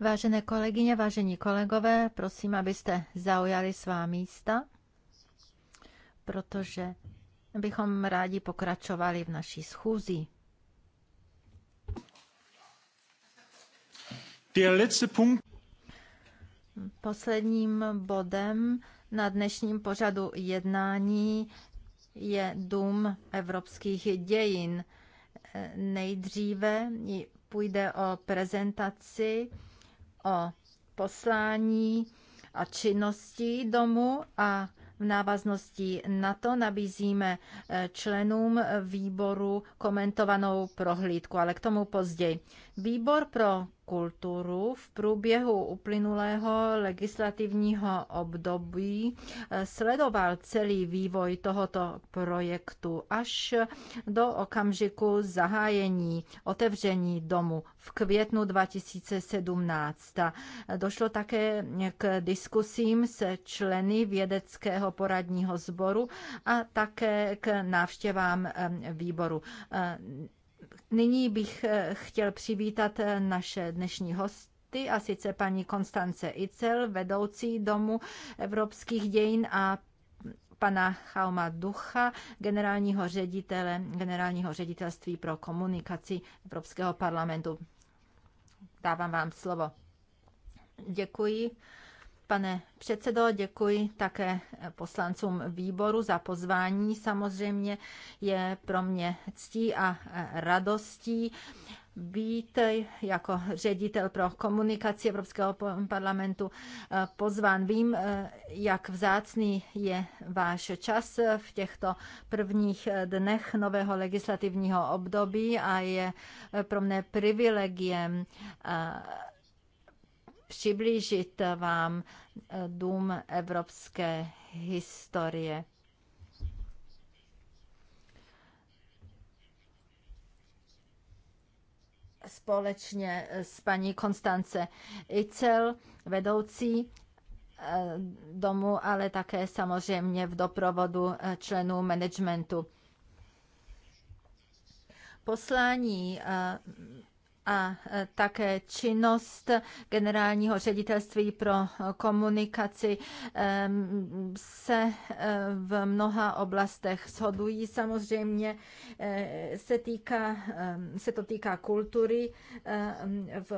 Vážené kolegyně, vážení kolegové, prosím, abyste zaujali svá místa, protože bychom rádi pokračovali v naší schůzi. Posledním bodem na dnešním pořadu jednání je dům evropských dějin. Nejdříve půjde o prezentaci, o poslání a činnosti domu a v návaznosti na to nabízíme eh, členům výboru komentovanou prohlídku, ale k tomu později. Výbor pro kulturu v průběhu uplynulého legislativního období eh, sledoval celý vývoj tohoto projektu až do okamžiku zahájení otevření domu v květnu 2017. Došlo také k diskusím se členy vědeckého poradního sboru a také k návštěvám eh, výboru. Eh, Nyní bych eh, chtěl přivítat eh, naše dnešní hosty, a sice paní Konstance Icel, vedoucí Domu evropských dějin a pana Chauma Ducha, generálního ředitele, generálního ředitelství pro komunikaci Evropského parlamentu. Dávám vám slovo. Děkuji, Pane předsedo, děkuji také poslancům výboru za pozvání. Samozřejmě je pro mě ctí a radostí být jako ředitel pro komunikaci Evropského parlamentu pozván. Vím, jak vzácný je váš čas v těchto prvních dnech nového legislativního období a je pro mne privilegiem přiblížit vám eh, dům evropské historie. Společně eh, s paní Konstance Icel, vedoucí eh, domu, ale také samozřejmě v doprovodu členů managementu. Poslání a e, také činnost generálního ředitelství pro komunikaci e, se e, v mnoha oblastech shodují. Samozřejmě se, týká, se to týká kultury v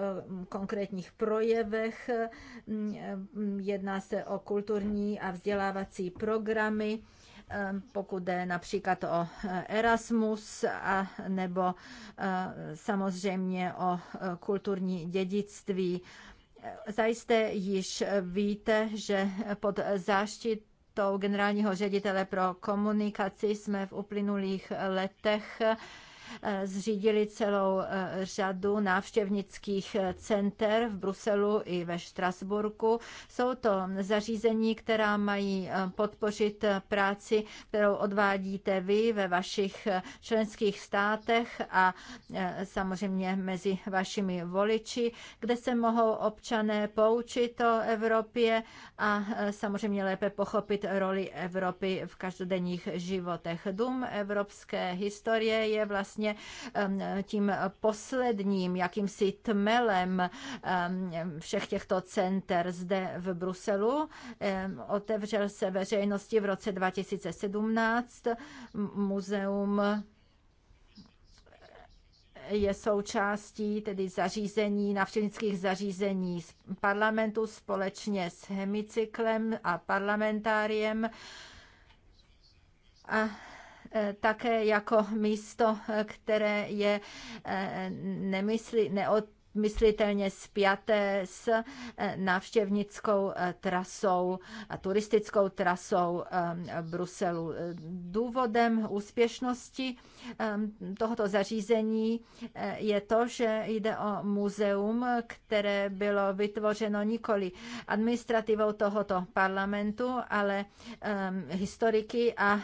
konkrétních projevech. Jedná se o kulturní a vzdělávací programy pokud jde například o eh, Erasmus a nebo eh, samozřejmě o eh, kulturní dědictví. Zajisté již víte, že pod záštitou to generálního ředitele pro komunikaci jsme v uplynulých letech Eh, zřídili celou eh, řadu návštěvnických eh, center v Bruselu i ve Štrasburku. Jsou to zařízení, která mají podpořit práci, kterou odvádíte vy ve vašich členských státech a samozřejmě mezi vašimi voliči, kde se mohou občané poučit o Evropě a samozřejmě lépe pochopit roli Evropy v každodenních životech. Dům evropské historie je vlastně vlastně tím posledním jakýmsi tmelem všech těchto center zde v Bruselu. Otevřel se veřejnosti v roce 2017 muzeum je součástí tedy zařízení, návštěvnických zařízení z parlamentu společně s hemicyklem a parlamentáriem. A Eh, také jako místo, eh, které je eh, nemyslí, neod, myslitelně spjaté s eh, návštěvnickou eh, trasou a eh, turistickou trasou ehm, Bruselu. Důvodem úspěšnosti ehm, tohoto zařízení je to, že jde o muzeum, které bylo vytvořeno nikoli administrativou tohoto parlamentu, ale ehm, historiky a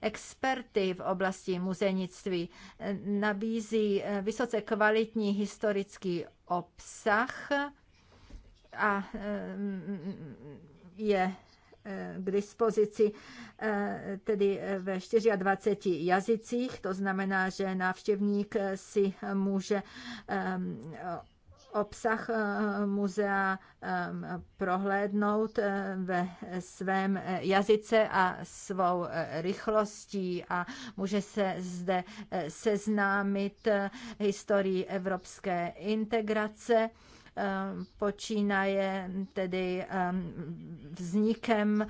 experty v oblasti muzejnictví. Nabízí vysoce kvalitní historický nějaký obsah a e, je e, k dispozici e, tedy ve 24 jazycích, to znamená, že návštěvník si může obsah eh, muzea eh, prohlédnout eh, ve svém jazyce a svou rychlostí a může se zde seznámit historií evropské integrace Ehm, počínaje tedy ehm, vznikem ehm,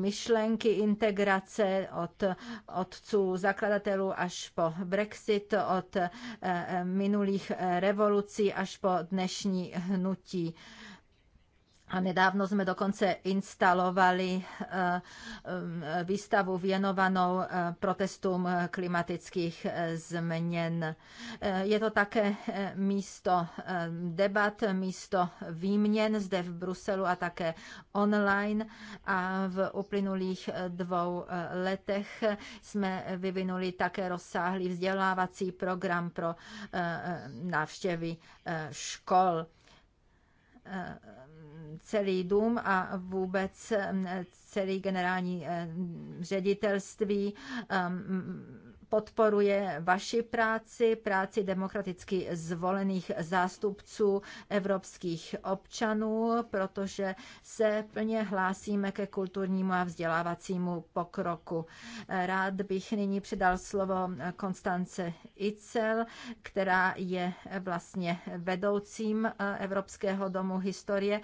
myšlenky integrace od otců zakladatelů až po Brexit, od eh, minulých revolucí až po dnešní hnutí. A nedávno jsme dokonce instalovali eh, eh, výstavu věnovanou eh, protestům klimatických změn. Je to také místo debat, místo výměn zde v Bruselu a také online. A v uplynulých dvou letech jsme vyvinuli také rozsáhlý vzdělávací program pro návštěvy škol. Eh, celý dům a vůbec eh, celý generální eh, ředitelství podporuje vaši práci, práci demokraticky zvolených zástupců evropských občanů, protože se plně hlásíme ke kulturnímu a vzdělávacímu pokroku. Rád bych nyní předal slovo Konstance Icel, která je vlastně vedoucím eh, Evropského domu historie,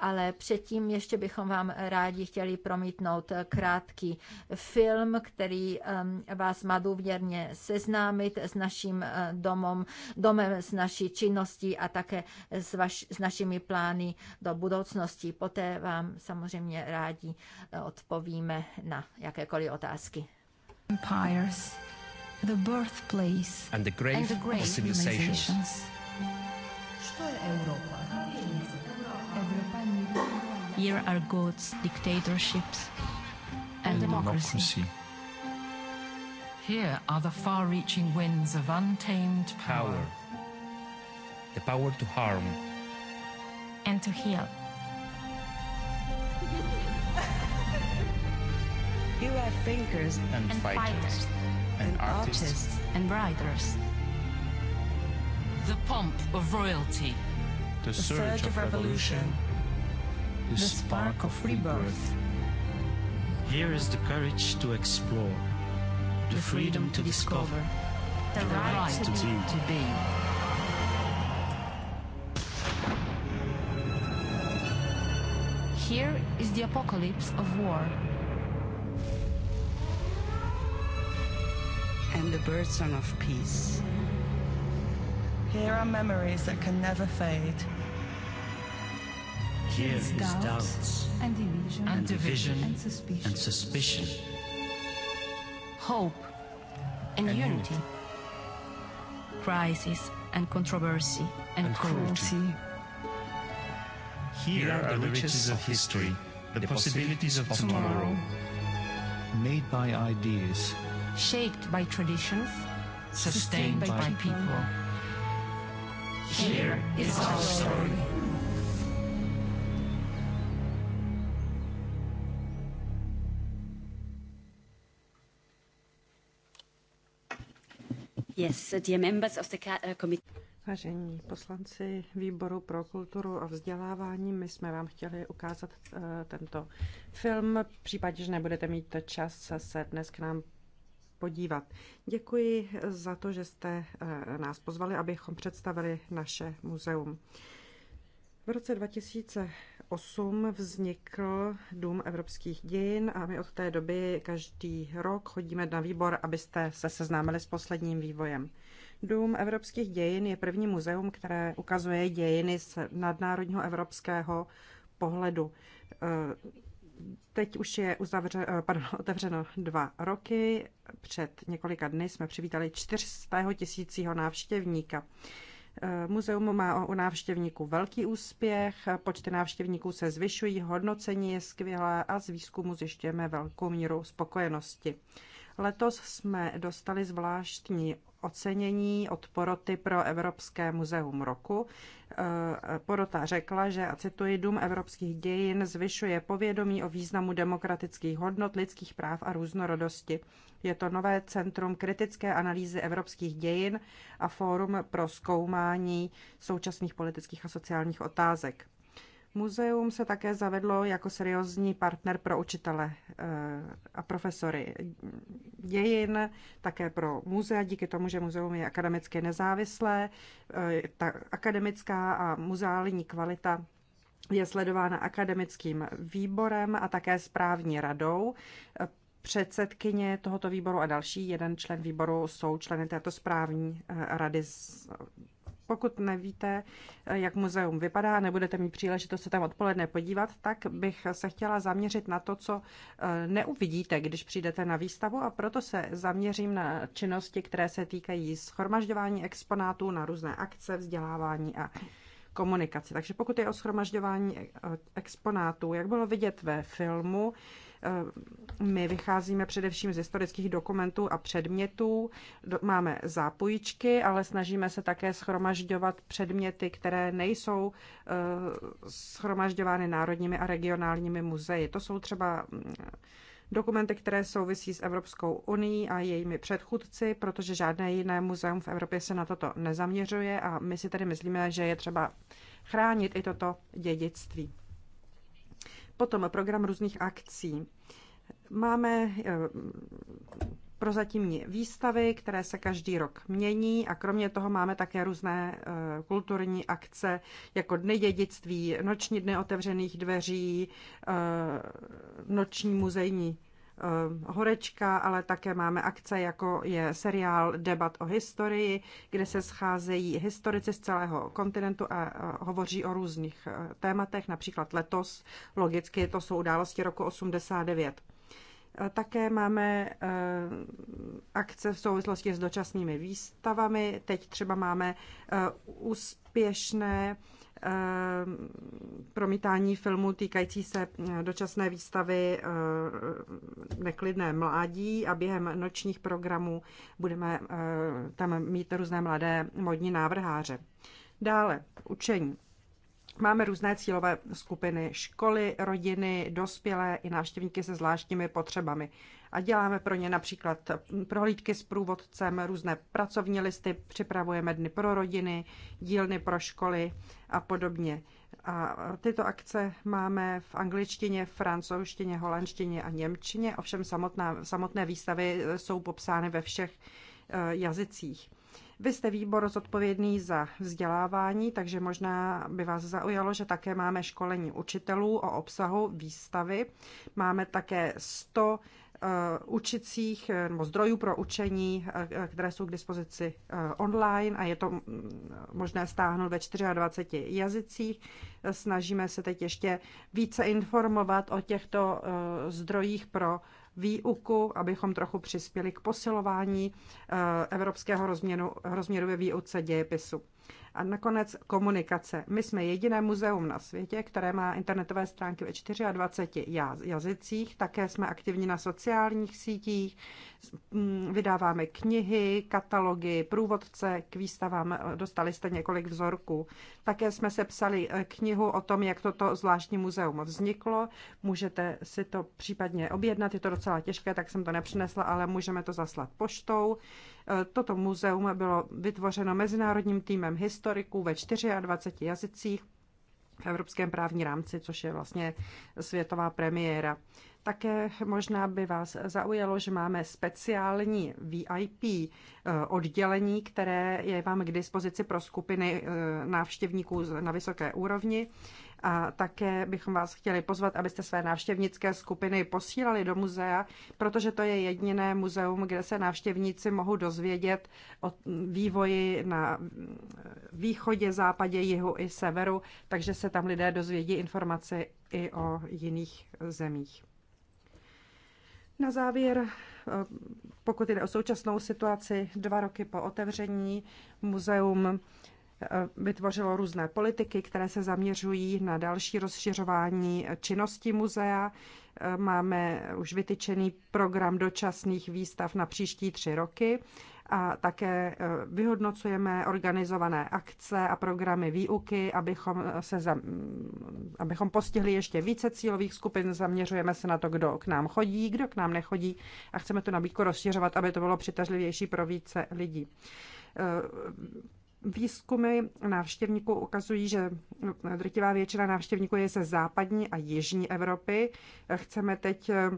ale předtím ještě bychom vám rádi chtěli promítnout krátký film, který ehm, vás madu průměrně seznámit s naším eh, domem, domem s naší činností a také s, vaš, s našimi plány do budoucnosti. Poté vám samozřejmě rádi eh, odpovíme na jakékoliv otázky. Empires, the birthplace and the grave, and the grave of civilizations. civilizations. Что Here are gods, dictatorships and, and democracy. democracy. Here are the far reaching winds of untamed power. power. The power to harm. And to heal. you are thinkers and, and fighters, fighters, and, and artists. artists and writers. The pomp of royalty. The, the surge, surge, of, revolution. revolution. The, the, spark, of rebirth. Here is the courage to explore the freedom to discover, the right to be. To be. Here is the apocalypse of war. And the birth song of peace. Here are memories that can never fade. Here is doubts, doubts and division and division and suspicion. And suspicion hope and, and unity. unity. Crisis and controversy and, and cruelty. cruelty. Here are the riches of history, the possibilities of tomorrow. Made by ideas. Shaped by traditions. Sustained by, by people. Here is our story. Yes, dear members of the uh, committee. Vážení poslanci výboru pro kulturu a vzdělávání, my jsme vám chtěli ukázat eh, tento film. V případě, že nebudete mít čas se dnes k nám podívat. Děkuji za to, že jste eh, nás pozvali, abychom představili naše muzeum. V roce 2000 2008 vznikl Dům evropských dějin a my od té doby každý rok chodíme na výbor, abyste se seznámili s posledním vývojem. Dům evropských dějin je první muzeum, které ukazuje dějiny z nadnárodního evropského pohledu. Eh, teď už je uzavře, eh, pardon, otevřeno dva roky. Před několika dny jsme přivítali 400 tisícího návštěvníka. Eh, muzeum má u návštěvníků velký úspěch, počty návštěvníků se zvyšují, hodnocení je skvělé a z výzkumu zjišťujeme velkou míru spokojenosti. Letos jsme dostali zvláštní ocenění od poroty pro Evropské muzeum roku. Eh, porota řekla, že, a cituji, Dům evropských dějin zvyšuje povědomí o významu demokratických hodnot, lidských práv a různorodosti. Je to nové centrum kritické analýzy evropských dějin a fórum pro zkoumání současných politických a sociálních otázek. Muzeum se také zavedlo jako seriózní partner pro učitele eh, a profesory dějin, také pro muzea, díky tomu, že muzeum je akademicky nezávislé. Eh, ta akademická a muzeální kvalita je sledována akademickým výborem a také správní radou. Eh, předsedkyně tohoto výboru a další jeden člen výboru jsou členy této správní rady pokud nevíte, eh, jak muzeum vypadá, nebudete mít příležitost se tam odpoledne podívat, tak bych se chtěla zaměřit na to, co eh, neuvidíte, když přijdete na výstavu a proto se zaměřím na činnosti, které se týkají schromažďování exponátů na různé akce, vzdělávání a komunikaci. Takže pokud je o schromažďování eh, exponátů, jak bylo vidět ve filmu, Ehm, my vycházíme především z historických dokumentů a předmětů. Máme zápojičky, ale snažíme se také schromažďovat předměty, které nejsou ehm, schromažďovány národními a regionálními muzeji. To jsou třeba mm, dokumenty, které souvisí s Evropskou unii a jejími předchůdci, protože žádné jiné muzeum v Evropě se na toto nezaměřuje a my si tedy myslíme, že je třeba chránit i toto dědictví. Potom program různých akcí. Máme eh, prozatímní výstavy, které se každý rok mění a kromě toho máme také různé eh, kulturní akce, jako Dny dědictví, Noční dny otevřených dveří, eh, Noční muzejní Eh, horečka, ale také máme akce, jako je seriál Debat o historii, kde se scházejí historici z celého kontinentu a eh, hovoří o různých eh, tématech, například letos, logicky to jsou události roku 89. Také máme akce v souvislosti s dočasnými výstavami. Teď třeba máme úspěšné Eh, promítání filmu týkající se eh, dočasné výstavy eh, Neklidné mládí a během nočních programů budeme tam mít různé mladé modní návrháře. Dále učení. Máme různé cílové skupiny školy, rodiny, dospělé i návštěvníky se zvláštními potřebami. A děláme pro ně například prohlídky s průvodcem, různé pracovní listy, připravujeme dny pro rodiny, dílny pro školy a podobně. A tyto akce máme v angličtině, francouzštině, holandštině a němčině, ovšem samotná, samotné výstavy jsou popsány ve všech eh, jazycích. Vy jste výbor zodpovědný za vzdělávání, takže možná by vás zaujalo, že také máme školení učitelů o obsahu výstavy. Máme také 100 eh, učicích eh, nebo zdrojů pro učení, eh, které jsou k dispozici online a je to mm, možné stáhnout ve 24 jazycích. Snažíme se teď ještě více informovat o těchto zdrojích pro výuku, abychom trochu přispěli k posilování eh, evropského rozměru, rozměru ve výuce dějepisu. A nakonec komunikace. My jsme jediné muzeum na světě, které má internetové stránky ve 24 jazycích. Také jsme aktivní na sociálních sítích. Mm, vydáváme knihy, katalogy, průvodce k výstavám. Dostali jste několik vzorků. Také jsme sepsali eh, knihu o tom, jak toto zvláštní muzeum vzniklo. Můžete si to případně objednat. Je to docela těžké, tak jsem to nepřinesla, ale můžeme to zaslat poštou. Toto muzeum bylo vytvořeno mezinárodním týmem historiků ve 24 jazycích v evropském právní rámci, což je vlastně světová premiéra. Také možná by vás zaujalo, že máme speciální VIP eh, oddělení, které je vám k dispozici pro skupiny eh, návštěvníků na vysoké úrovni. A také bychom vás chtěli pozvat, abyste své návštěvnické skupiny posílali do muzea, protože to je jediné muzeum, kde se návštěvníci mohou dozvědět o vývoji na východě, západě, jihu i severu, takže se tam lidé dozvědí informace i o jiných zemích. Na závěr, eh, pokud jde o současnou situaci, dva roky po otevření muzeum Eh, vytvořilo různé politiky, které se zaměřují na další rozšiřování činnosti muzea. Eh, máme už vytyčený program dočasných výstav na příští tři roky a také eh, vyhodnocujeme organizované akce a programy výuky, abychom, se za, mm, abychom postihli ještě více cílových skupin. Zaměřujeme se na to, kdo k nám chodí, kdo k nám nechodí a chceme tu nabídku rozšiřovat, aby to bylo přitažlivější pro více lidí Výzkumy návštěvníků ukazují, že drtivá většina návštěvníků je ze západní a jižní Evropy. Chceme teď eh,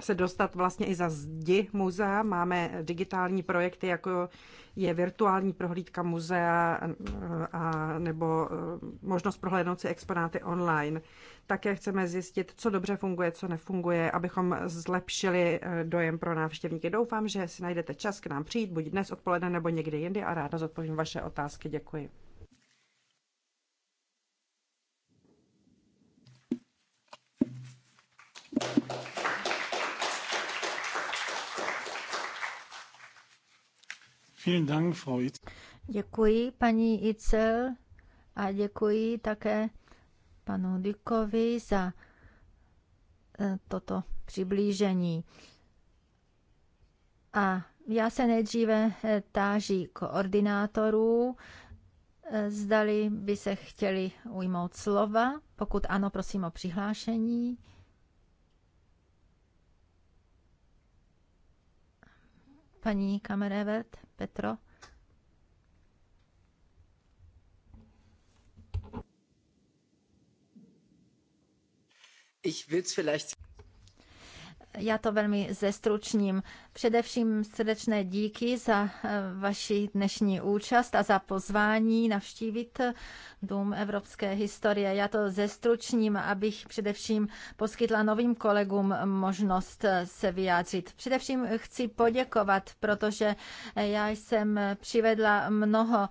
se dostat vlastně i za zdi muzea. Máme digitální projekty, jako je virtuální prohlídka muzea eh, a, nebo eh, možnost prohlédnout si exponáty online. Také chceme zjistit, co dobře funguje, co nefunguje, abychom zlepšili eh, dojem pro návštěvníky. Doufám, že si najdete čas k nám přijít, buď dnes odpoledne nebo někdy jindy a ráda zodpovím vaše otázky. Děkuji. Děkuji paní Icel a děkuji také panu Dykovi za eh, toto přiblížení. A já se nejdříve eh, táží koordinátorů, eh, zdali by se chtěli ujmout slova. Pokud ano, prosím o přihlášení. Paní Kamerevet, Petro. Ich will's vielleicht... Já to velmi zestručním. Především srdečné díky za eh, vaši dnešní účast a za pozvání navštívit eh, Dům evropské historie. Já to zestručním, abych především poskytla novým kolegům možnost eh, se vyjádřit. Především chci poděkovat, protože já jsem přivedla mnoho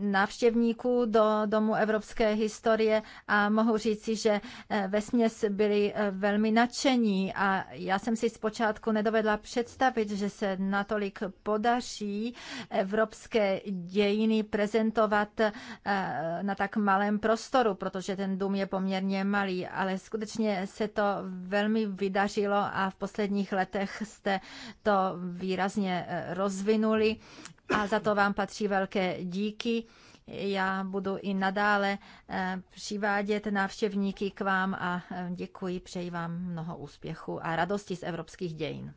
návštěvníků do Domu evropské historie a mohu říci, že ve byli velmi nadšení a já jsem si zpočátku nedovedla představit, že se natolik podaří evropské dějiny prezentovat eh, na tak malém prostoru, protože ten dům je poměrně malý, ale skutečně se to velmi vydařilo a v posledních letech jste to výrazně eh, rozvinuli a za to vám patří velké díky. Já budu i nadále eh, přivádět návštěvníky k vám a eh, děkuji, přeji vám mnoho úspěchu a radosti z evropských dějin.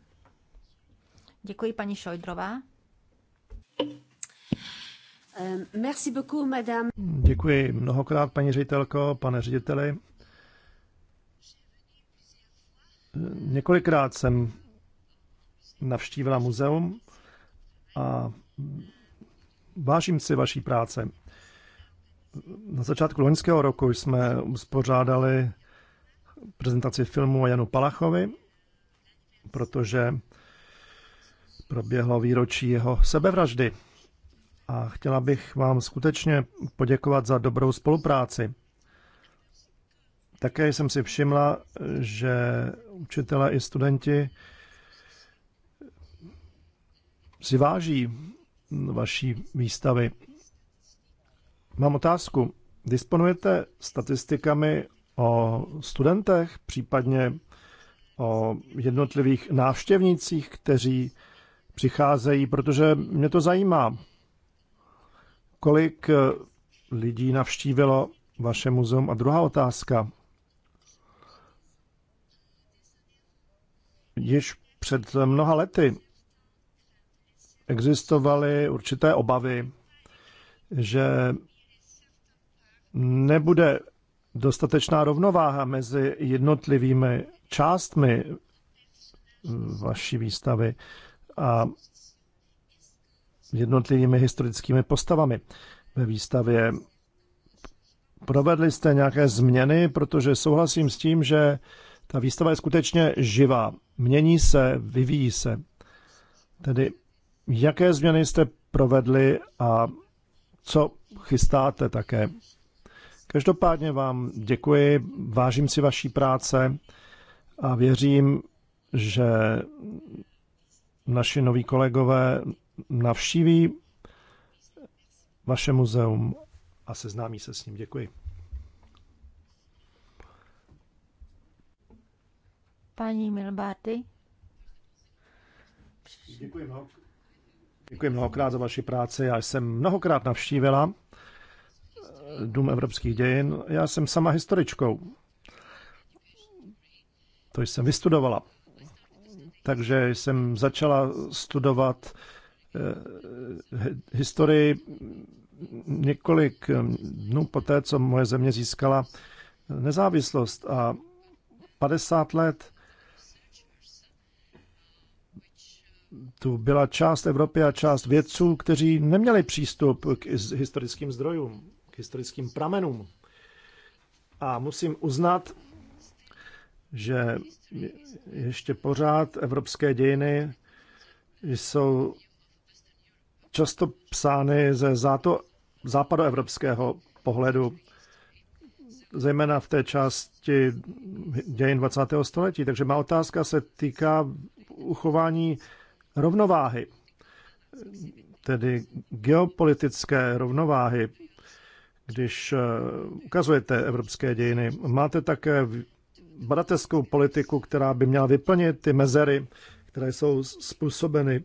Děkuji, paní Šojdrová. Eh, merci beaucoup, madame. Děkuji mnohokrát, paní ředitelko, pane řediteli. Několikrát jsem navštívila muzeum a vážím si vaší práce. Na začátku loňského roku jsme uspořádali prezentaci filmu o Janu Palachovi, protože proběhlo výročí jeho sebevraždy. A chtěla bych vám skutečně poděkovat za dobrou spolupráci. Také jsem si všimla, že učitelé i studenti si váží vaší výstavy Mám otázku. Disponujete statistikami o studentech, případně o jednotlivých návštěvnících, kteří přicházejí, protože mě to zajímá. Kolik eh, lidí navštívilo vaše muzeum? A druhá otázka. Již před mnoha lety existovaly určité obavy, že nebude dostatečná rovnováha mezi jednotlivými částmi vaší výstavy a jednotlivými historickými postavami ve výstavě. Provedli jste nějaké změny, protože souhlasím s tím, že ta výstava je skutečně živá. Mění se, vyvíjí se. Tedy jaké změny jste provedli a co chystáte také Každopádně vám děkuji, vážím si vaší práce a věřím, že naši noví kolegové navštíví vaše muzeum a seznámí se s ním. Děkuji. Paní Milbáty. Děkuji, děkuji mnohokrát za vaši práci. Já jsem mnohokrát navštívila Dům evropských dějin. Já jsem sama historičkou. To jsem vystudovala. Takže jsem začala studovat eh, historii několik eh, dnů poté, co moje země získala eh, nezávislost a 50 let tu byla část Evropy a část vědců, kteří neměli přístup k historickým zdrojům k historickým pramenům. A musím uznat, že ještě pořád evropské dějiny jsou často psány ze záto, západoevropského pohledu, zejména v té části dějin 20. století. Takže má otázka se týká uchování rovnováhy, tedy geopolitické rovnováhy když eh, ukazujete evropské dějiny, máte také badatelskou politiku, která by měla vyplnit ty mezery, které jsou způsobeny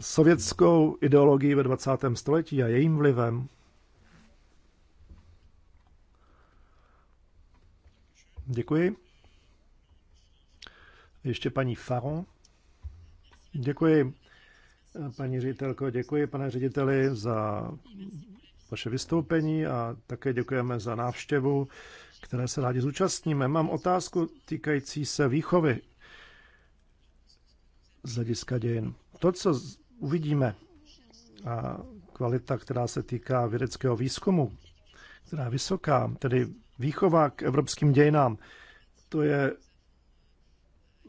sovětskou ideologií ve 20. století a jejím vlivem. Děkuji. Ještě paní Faron. Děkuji. Paní ředitelko, děkuji pane řediteli za vaše vystoupení a také děkujeme za návštěvu, které se rádi zúčastníme. Mám otázku týkající se výchovy z hlediska dějin. To, co uvidíme, a kvalita, která se týká vědeckého výzkumu, která je vysoká, tedy výchova k evropským dějinám, to je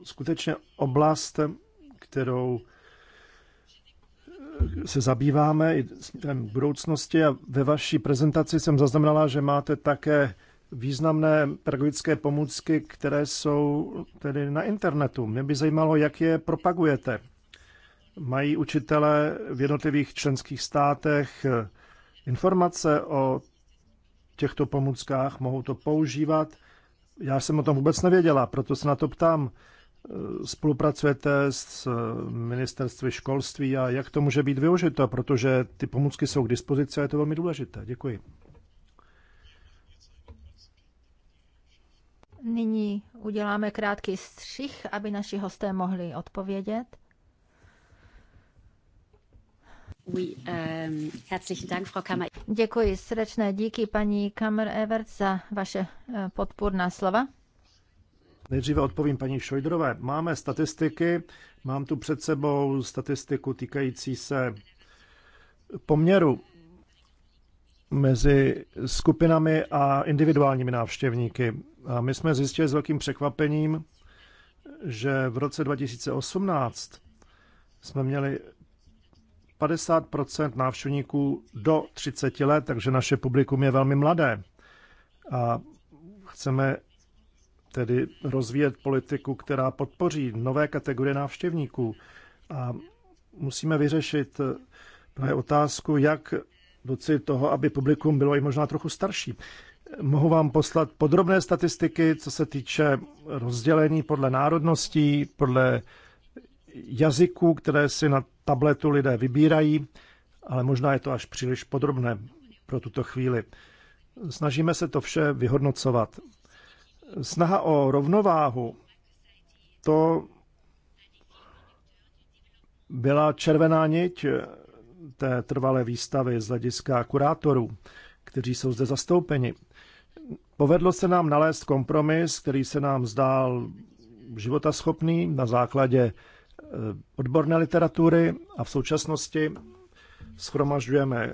skutečně oblast, kterou se zabýváme i směrem k budoucnosti a ve vaší prezentaci jsem zaznamenala, že máte také významné pedagogické pomůcky, které jsou tedy na internetu. Mě by zajímalo, jak je propagujete. Mají učitele v jednotlivých členských státech informace o těchto pomůckách, mohou to používat. Já jsem o tom vůbec nevěděla, proto se na to ptám spolupracujete s ministerstvem školství a jak to může být využito, protože ty pomůcky jsou k dispozici a je to velmi důležité. Děkuji. Nyní uděláme krátký střih, aby naši hosté mohli odpovědět. Euh, Děkuji srdečné díky paní Kammer Evert za vaše eh, podpůrná slova. Nejdříve odpovím paní Šojdrové. Máme statistiky, mám tu před sebou statistiku týkající se poměru mezi skupinami a individuálními návštěvníky. A my jsme zjistili s velkým překvapením, že v roce 2018 jsme měli 50 návštěvníků do 30 let, takže naše publikum je velmi mladé. A chceme tedy rozvíjet politiku, která podpoří nové kategorie návštěvníků. A musíme vyřešit eh, právě otázku, jak docit toho, aby publikum bylo i možná trochu starší. Mohu vám poslat podrobné statistiky, co se týče rozdělení podle národností, podle jazyků, které si na tabletu lidé vybírají, ale možná je to až příliš podrobné pro tuto chvíli. Snažíme se to vše vyhodnocovat snaha o rovnováhu, to byla červená niť té trvalé výstavy z hlediska kurátorů, kteří jsou zde zastoupeni. Povedlo se nám nalézt kompromis, který se nám zdál životaschopný na základě e, odborné literatury a v současnosti schromažďujeme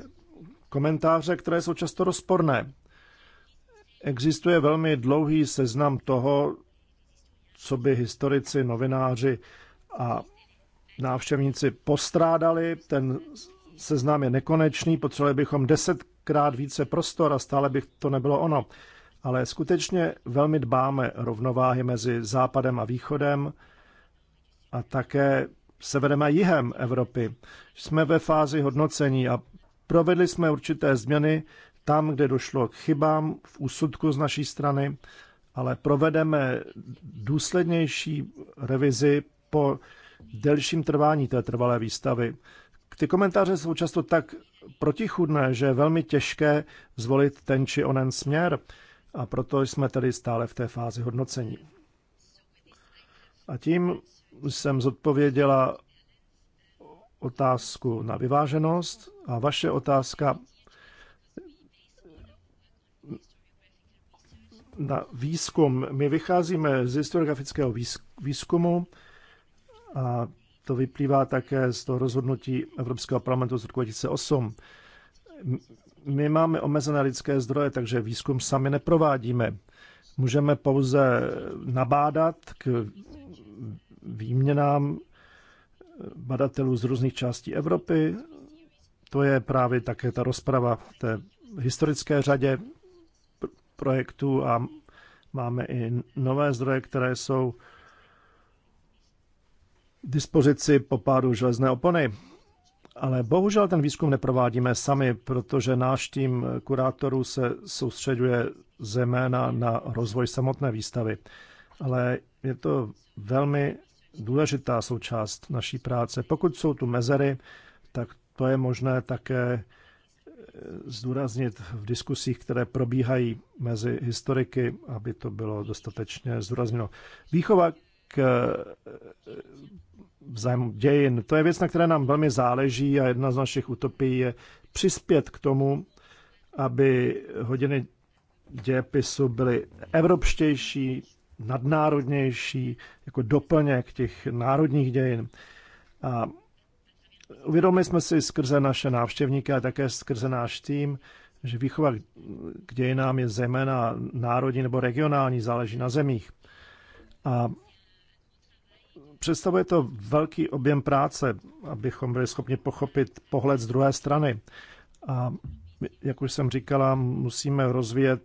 komentáře, které jsou často rozporné. Existuje velmi dlouhý seznam toho, co by historici, novináři a návštěvníci postrádali. Ten seznam je nekonečný, potřebovali bychom desetkrát více prostor a stále by to nebylo ono. Ale skutečně velmi dbáme rovnováhy mezi západem a východem a také severem a jihem Evropy. Jsme ve fázi hodnocení a provedli jsme určité změny, tam, kde došlo k chybám v úsudku z naší strany, ale provedeme důslednější revizi po delším trvání té trvalé výstavy. Ty komentáře jsou často tak protichudné, že je velmi těžké zvolit ten či onen směr a proto jsme tedy stále v té fázi hodnocení. A tím jsem zodpověděla otázku na vyváženost a vaše otázka na výzkum. My vycházíme z historiografického výzkumu a to vyplývá také z toho rozhodnutí Evropského parlamentu z roku 2008. My máme omezené lidské zdroje, takže výzkum sami neprovádíme. Můžeme pouze nabádat k výměnám eh, badatelů z různých částí Evropy. To je právě také ta rozprava v té historické řadě projektů a máme i nové zdroje, které jsou dispozici po pádu železné opony. Ale bohužel ten výzkum neprovádíme sami, protože náš tým kurátorů se soustředuje zejména na rozvoj samotné výstavy. Ale je to velmi důležitá součást naší práce. Pokud jsou tu mezery, tak to je možné také zdůraznit v diskusích, které probíhají mezi historiky, aby to bylo dostatečně zdůrazněno. Výchova k eh, vzájemu dějin, to je věc, na které nám velmi záleží a jedna z našich utopií je přispět k tomu, aby hodiny dějepisu byly evropštější, nadnárodnější, jako doplněk těch národních dějin. A Uvědomili jsme si skrze naše návštěvníky a také skrze náš tým, že výchova k dějinám je zejména národní nebo regionální, záleží na zemích. A představuje to velký objem práce, abychom byli schopni pochopit pohled z druhé strany. A jak už jsem říkala, musíme rozvíjet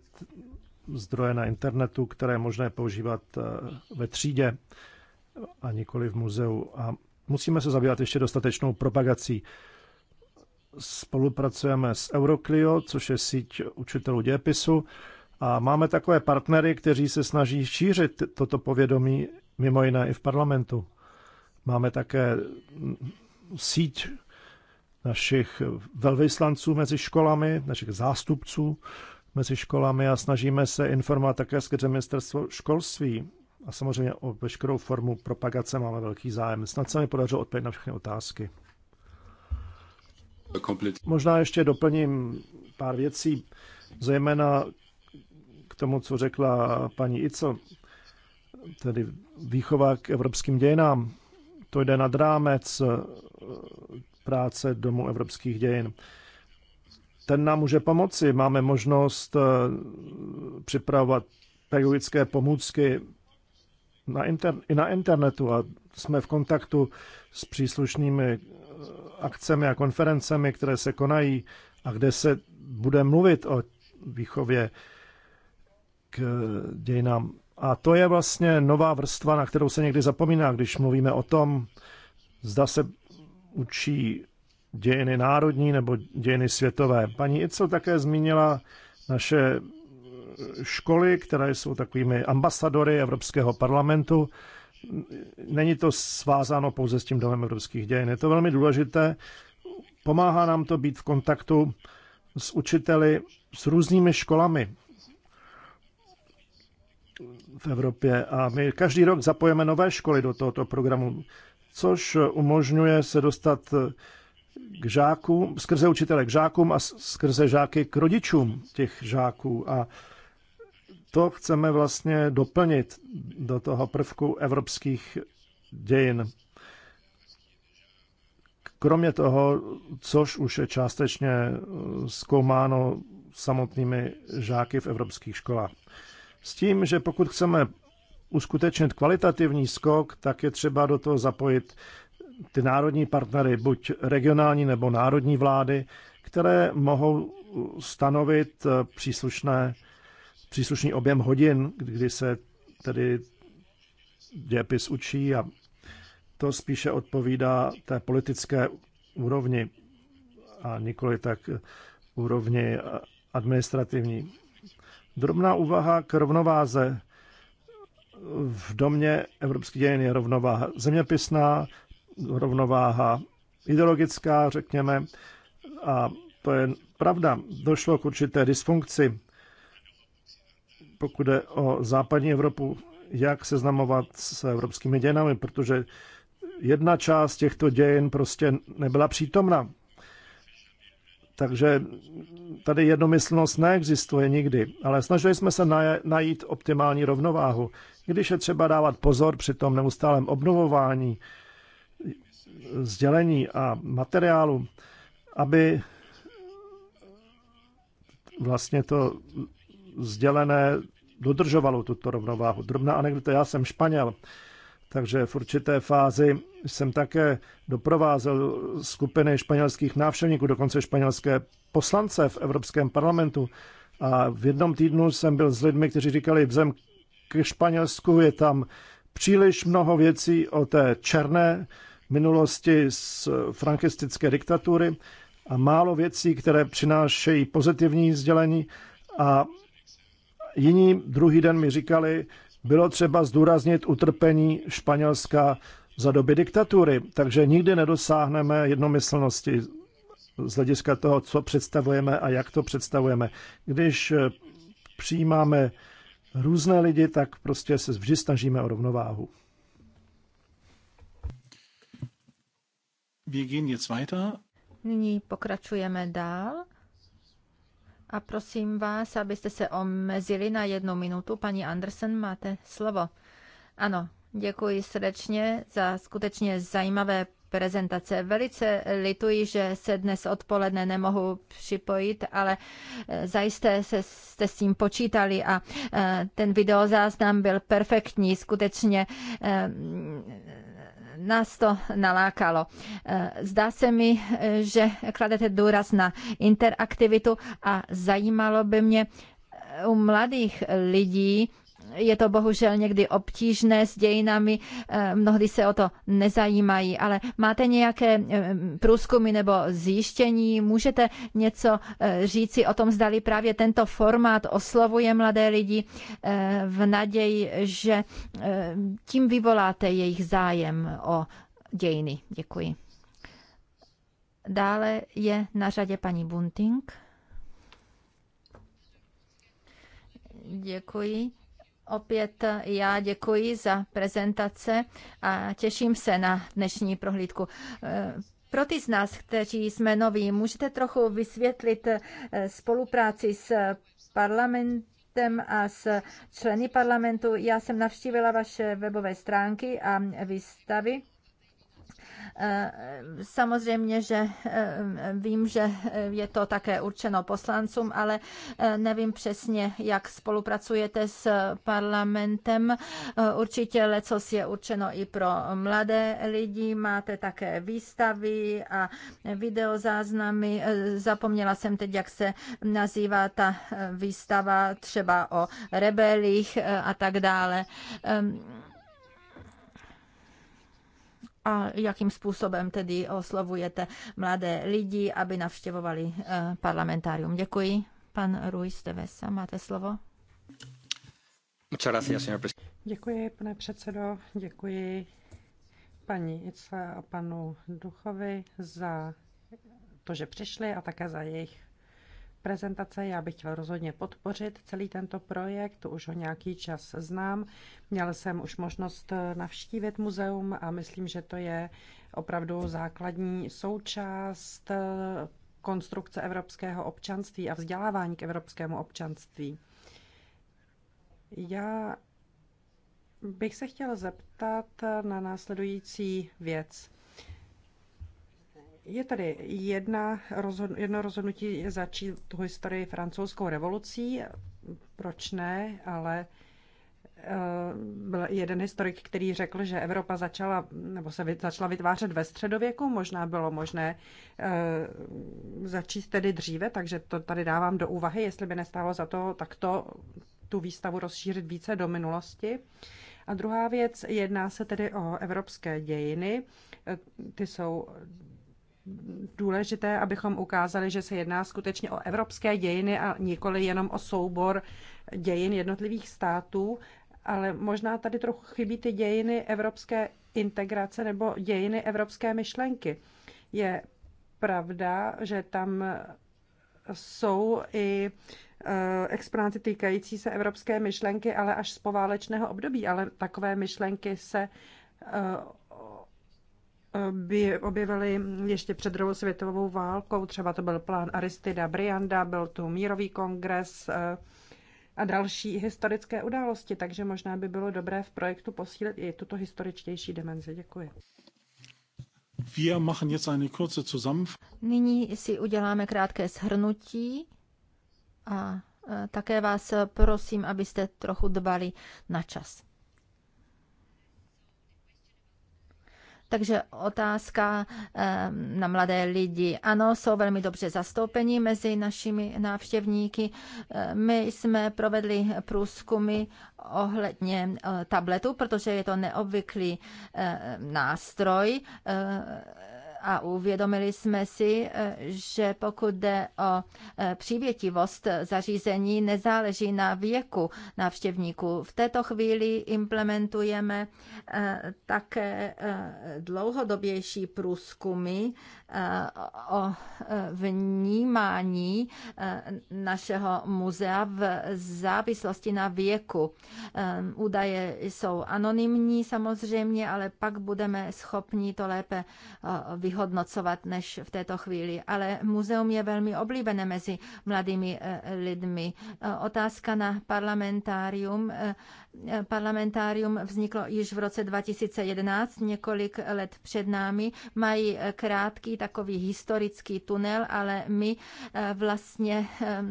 zdroje na internetu, které je možné používat eh, ve třídě a nikoli v muzeu. A musíme se zabývat ještě dostatečnou propagací. Spolupracujeme s Euroclio, což je síť učitelů dějepisu, a máme takové partnery, kteří se snaží šířit toto povědomí, mimo jiné i v parlamentu. Máme také síť našich velvyslanců mezi školami, našich zástupců mezi školami a snažíme se informovat také skrze ministerstvo školství a samozřejmě o veškerou formu propagace máme velký zájem. Snad se mi podařilo odpovědět na všechny otázky. Možná ještě doplním pár věcí, zejména k tomu, co řekla paní Ico, tedy výchova k evropským dějinám. To jde nad rámec eh, práce Domu evropských dějin. Ten nám může pomoci. Máme možnost eh, připravovat pedagogické pomůcky na inter, i na internetu a jsme v kontaktu s příslušnými eh, akcemi a konferencemi, které se konají a kde se bude mluvit o výchově k eh, dějinám. A to je vlastně nová vrstva, na kterou se někdy zapomíná, když mluvíme o tom, zda se učí dějiny národní nebo dějiny světové. Paní Ico také zmínila naše školy, které jsou takovými ambasadory Evropského parlamentu. Není to svázáno pouze s tím domem evropských dějin. Je to velmi důležité. Pomáhá nám to být v kontaktu s učiteli, s různými školami v Evropě. A my každý rok zapojeme nové školy do tohoto programu, což umožňuje se dostat k žákům, skrze učitele k žákům a skrze žáky k rodičům těch žáků. A to chceme vlastně doplnit do toho prvku evropských dějin. Kromě toho, což už je částečně eh, zkoumáno samotnými žáky v evropských školách. S tím, že pokud chceme uskutečnit kvalitativní skok, tak je třeba do toho zapojit ty národní partnery, buď regionální nebo národní vlády, které mohou stanovit eh, příslušné příslušný objem hodin, kdy se tedy dějepis učí a to spíše odpovídá té politické úrovni a nikoli tak úrovni administrativní. Drobná úvaha k rovnováze. V domě Evropský dějin je rovnováha zeměpisná, rovnováha ideologická, řekněme, a to je pravda. Došlo k určité dysfunkci pokud je o západní Evropu, jak seznamovat s evropskými dějinami, protože jedna část těchto dějin prostě nebyla přítomna. Takže tady jednomyslnost neexistuje nikdy, ale snažili jsme se najít optimální rovnováhu. Když je třeba dávat pozor při tom neustálém obnovování sdělení a materiálu, aby vlastně to sdělené dodržovalo tuto rovnováhu. Drobná anekdota, já jsem Španěl, takže v určité fázi jsem také doprovázel skupiny španělských návštěvníků, dokonce španělské poslance v Evropském parlamentu. A v jednom týdnu jsem byl s lidmi, kteří říkali, zem k Španělsku je tam příliš mnoho věcí o té černé minulosti z frankistické diktatury a málo věcí, které přinášejí pozitivní sdělení a jiní druhý den mi říkali, bylo třeba zdůraznit utrpení Španělska za doby diktatury, takže nikdy nedosáhneme jednomyslnosti z hlediska toho, co představujeme a jak to představujeme. Když eh, přijímáme různé lidi, tak prostě se vždy snažíme o rovnováhu. Wir gehen jetzt weiter. Nyní pokračujeme dál a prosím vás, abyste se omezili na jednu minutu. Paní Andersen, máte slovo. Ano, děkuji srdečně za skutečně zajímavé prezentace. Velice lituji, že se dnes odpoledne nemohu připojit, ale eh, zajisté se, jste s tím počítali a eh, ten videozáznam byl perfektní, skutečně eh, nás to nalákalo. Eh, zdá se mi, eh, že kladete důraz na interaktivitu a zajímalo by mě eh, u mladých lidí, je to bohužel někdy obtížné s dějinami, eh, mnohdy se o to nezajímají, ale máte nějaké eh, průzkumy nebo zjištění, můžete něco eh, říci o tom, zdali právě tento formát oslovuje mladé lidi v naději, že tím vyvoláte jejich zájem o dějiny. Děkuji. Dále je na řadě paní Bunting. Děkuji. Opět eh, já děkuji za prezentace a těším se na dnešní prohlídku. Eh, pro ty z nás, kteří jsme noví, můžete trochu vysvětlit eh, spolupráci s parlamentem a s členy parlamentu. Já jsem navštívila vaše webové stránky a výstavy Eh, samozřejmě, že eh, vím, že je to také určeno poslancům, ale eh, nevím přesně, jak spolupracujete s parlamentem. Určitě lecos je určeno i pro mladé lidi. Máte také výstavy a videozáznamy. Zapomněla jsem teď, jak se nazývá ta výstava třeba o rebelích a tak dále. Ehm, a jakým způsobem tedy oslovujete mladé lidi, aby navštěvovali eh, parlamentárium. Děkuji. Pan Ruiz de Vesa, máte slovo. Děkuji, pane předsedo. Děkuji paní Ice a panu Duchovi za to, že přišli a také za jejich prezentace. Já bych chtěl rozhodně podpořit celý tento projekt, už ho nějaký čas znám. Měl jsem už možnost navštívit muzeum a myslím, že to je opravdu základní součást eh, konstrukce evropského občanství a vzdělávání k evropskému občanství. Já bych se chtěla zeptat na následující věc. Je tady jedna rozhod, jedno rozhodnutí začít tu historii francouzskou revolucí, proč ne, ale eh, byl jeden historik, který řekl, že Evropa začala, nebo se začala vytvářet ve středověku, možná bylo možné eh, začít tedy dříve, takže to tady dávám do úvahy, jestli by nestálo za to takto tu výstavu rozšířit více do minulosti. A druhá věc, jedná se tedy o evropské dějiny. Eh, ty jsou důležité, abychom ukázali, že se jedná skutečně o evropské dějiny a nikoli jenom o soubor dějin jednotlivých států, ale možná tady trochu chybí ty dějiny evropské integrace nebo dějiny evropské myšlenky. Je pravda, že tam jsou i eh, exponáty týkající se evropské myšlenky, ale až z poválečného období, ale takové myšlenky se eh, by objevily ještě před druhou světovou válkou. Třeba to byl plán Aristida Brianda, byl tu mírový kongres eh, a další historické události, takže možná by bylo dobré v projektu posílit i tuto historičtější dimenzi. Děkuji. Nyní si uděláme krátké shrnutí a eh, také vás prosím, abyste trochu dbali na čas. Takže otázka ehm, na mladé lidi. Ano, jsou velmi dobře zastoupeni mezi našimi návštěvníky. Ehm, my jsme provedli průzkumy ohledně eh, tabletu, protože je to neobvyklý ehm, nástroj a uvědomili jsme si, eh, že pokud jde o eh, přívětivost zařízení, nezáleží na věku návštěvníků. V této chvíli implementujeme eh, také dlouhodobější průzkumy o vnímání e, našeho muzea v závislosti na věku. E, údaje jsou anonymní samozřejmě, ale pak budeme schopni to lépe e, vyhodnocovat než v této chvíli. Ale muzeum je velmi oblíbené mezi mladými lidmi. Otázka na parlamentárium. Parlamentárium vzniklo již v roce 2011, několik let před námi. Mají krátký takový historický tunel, ale my eh, vlastně eh,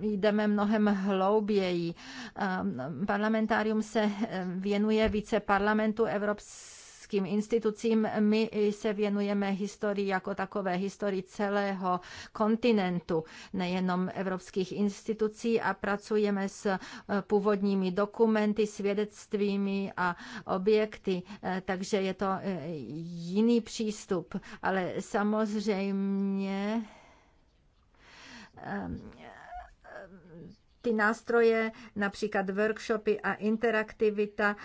jdeme mnohem hlouběji. Eh, Parlamentárium se věnuje více parlamentu Evropské evropským institucím. My se věnujeme historii jako takové, historii celého kontinentu, nejenom evropských institucí a pracujeme s eh, původními dokumenty, svědectvími a objekty, eh, takže je to eh, jiný přístup, ale samozřejmě ehm, ty nástroje, například workshopy a interaktivita,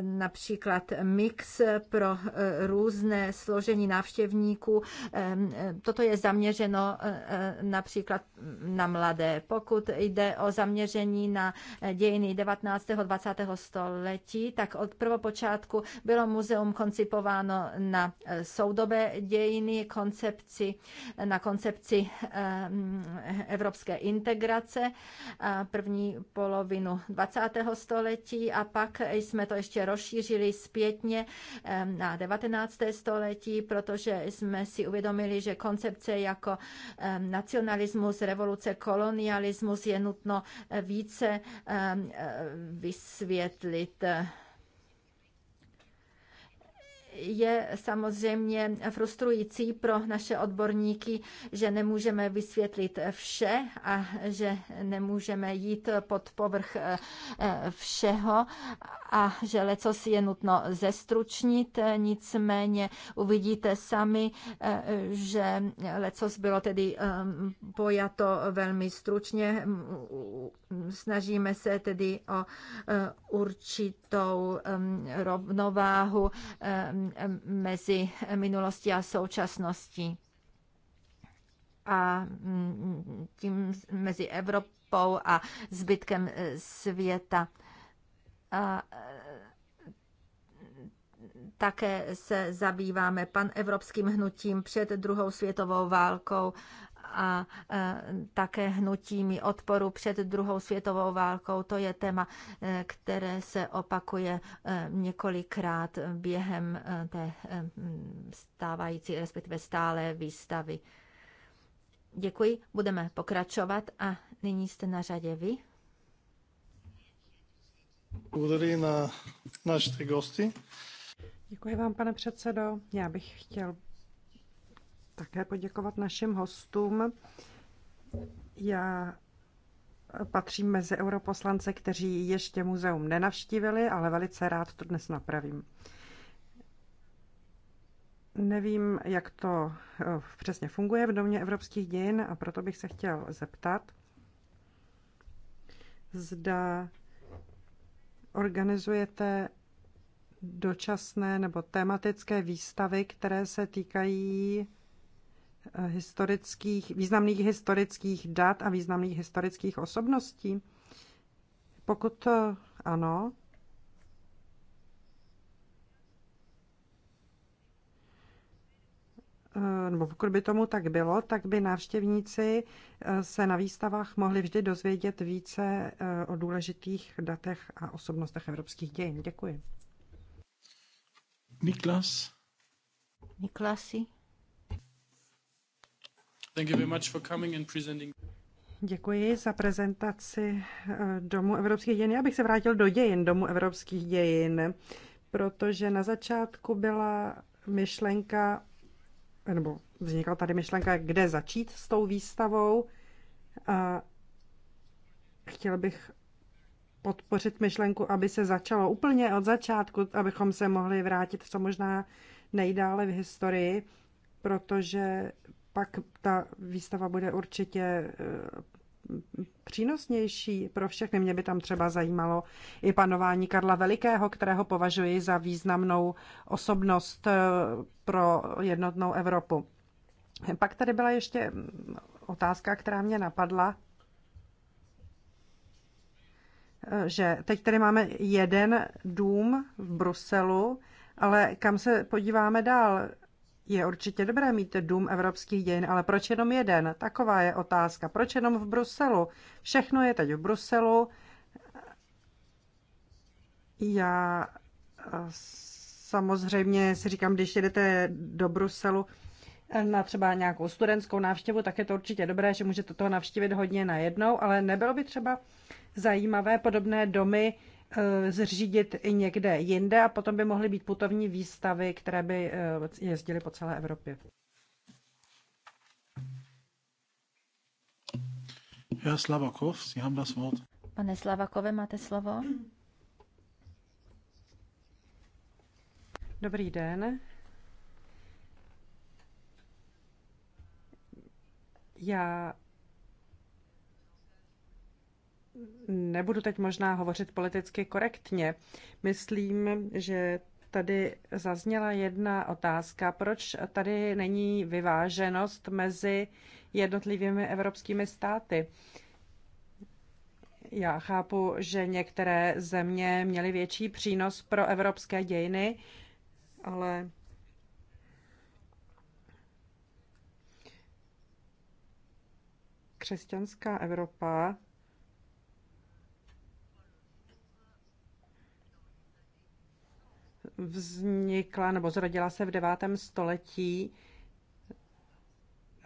například mix pro eh, různé složení návštěvníků. Toto je zaměřeno eh, eh, například na mladé. Pokud jde o zaměření na dějiny 19. 20. století, tak od prvopočátku bylo muzeum koncipováno na soudobé dějiny, koncepci, na koncepci evropské integrace konce, první polovinu 20. století a pak jsme to ještě rozšířili zpětně na 19. století, protože jsme si uvědomili, že koncepce jako nacionalismus, revoluce, kolonialismus je nutno více vysvětlit je samozřejmě frustrující pro naše odborníky, že nemůžeme vysvětlit vše a že nemůžeme jít pod povrch eh, všeho a že lecos je nutno zestručnit, nicméně uvidíte sami, eh, že lecos bylo tedy eh, pojato velmi stručně, snažíme se tedy o e, určitou rovnováhu mezi minulostí a současností. A mm, tím mezi Evropou a zbytkem e, světa. A e, také se zabýváme panevropským hnutím před druhou světovou válkou a e, také hnutími odporu před druhou světovou válkou. To je téma, e, které se opakuje e, několikrát během té stávající, respektive stále výstavy. Děkuji, budeme pokračovat a nyní jste na řadě vy. na naše tři гости. Děkuji vám, pane předsedo. Já bych chtěl také poděkovat našim hostům. Já patřím mezi europoslance, kteří ještě muzeum nenavštívili, ale velice rád to dnes napravím. Nevím, jak to eh, přesně funguje v Domě evropských dějin a proto bych se chtěl zeptat, zda organizujete dočasné nebo tematické výstavy, které se týkají historických, významných historických dat a významných historických osobností? Pokud to ano, eh, nebo pokud by tomu tak bylo, tak by návštěvníci eh, se na výstavách mohli vždy dozvědět více eh, o důležitých datech a osobnostech evropských dějin. Děkuji. Niklas. Niklasi. Děkuji za prezentaci eh, Domu evropských dějin. Já bych se vrátil do dějin Domu evropských dějin, protože na začátku byla myšlenka, nebo vznikla tady myšlenka, kde začít s tou výstavou. A chtěl bych podpořit myšlenku, aby se začalo úplně od začátku, abychom se mohli vrátit co možná nejdále v historii, protože pak ta výstava bude určitě eh, přínosnější pro všechny. Mě by tam třeba zajímalo i panování Karla Velikého, kterého považuji za významnou osobnost eh, pro jednotnou Evropu. Pak tady byla ještě hm, otázka, která mě napadla, eh, že teď tady máme jeden dům v Bruselu, ale kam se podíváme dál? Je určitě dobré mít dům evropských dějin, ale proč jenom jeden? Taková je otázka. Proč jenom v Bruselu? Všechno je teď v Bruselu. Já eh, samozřejmě si říkám, když jedete do Bruselu na třeba nějakou studentskou návštěvu, tak je to určitě dobré, že můžete toho navštívit hodně najednou, ale nebylo by třeba zajímavé podobné domy Eh, zřídit i někde jinde a potom by mohly být putovní výstavy, které by eh, jezdily po celé Evropě. Já Slavakov, si mám das Wort. Pane Slavakove, máte slovo. Dobrý den. Já nebudu teď možná hovořit politicky korektně. Myslím, že tady zazněla jedna otázka, proč tady není vyváženost mezi jednotlivými evropskými státy. Já chápu, že některé země měly větší přínos pro evropské dějiny, ale křesťanská Evropa vznikla nebo zrodila se v 9. století